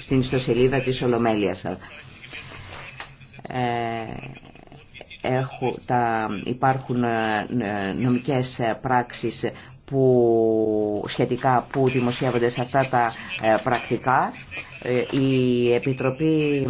στην ιστοσελίδα της Ολομέλειας. Ε, έχω, τα, υπάρχουν ε, νομικές πράξεις που, σχετικά που δημοσιεύονται σε αυτά τα ε, πρακτικά. Η Επιτροπή